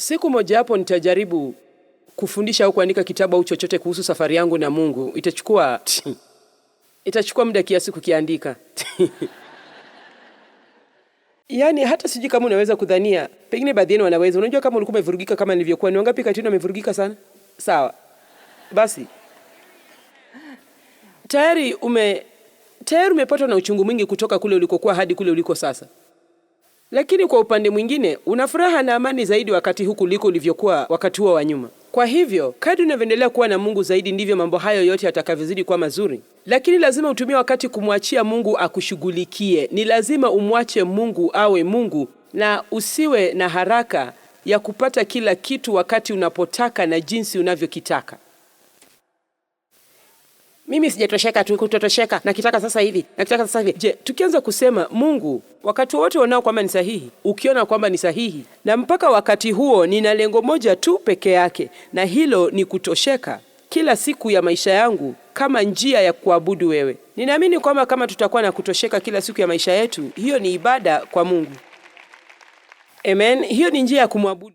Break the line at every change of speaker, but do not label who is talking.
siku moja hapo nitajaribu kufundisha au kuandika kitabu au chochote kuhusu safari yangu na Mungu. Itachukua itachukua muda kiasi kukiandika. Yaani hata sijui kama unaweza kudhania, pengine baadhi yenu wanaweza. Unajua kama ulikuwa umevurugika kama nilivyokuwa, ni wangapi kati yenu wamevurugika sana? Sawa, basi tayari ume tayari umepatwa na uchungu mwingi kutoka kule ulikokuwa hadi kule uliko sasa. Lakini kwa upande mwingine una furaha na amani zaidi wakati huu kuliko ulivyokuwa wakati huo wa nyuma. Kwa hivyo kadri unavyoendelea kuwa na Mungu zaidi ndivyo mambo hayo yote yatakavyozidi kuwa mazuri, lakini lazima utumie wakati kumwachia Mungu akushughulikie. Ni lazima umwache Mungu awe Mungu na usiwe na haraka ya kupata kila kitu wakati unapotaka na jinsi unavyokitaka.
Mimi sijatosheka tu kutotosheka, nakitaka sasa hivi, nakitaka sasa hivi.
Je, tukianza kusema Mungu wakati wote wanao kwamba ni sahihi, ukiona kwamba ni sahihi, na mpaka wakati huo nina lengo moja tu peke yake, na hilo ni kutosheka kila siku ya maisha yangu kama njia ya kuabudu wewe. Ninaamini kwamba kama tutakuwa na kutosheka kila siku ya maisha yetu, hiyo ni ibada kwa Mungu. Amen, hiyo ni njia ya kumwabudu.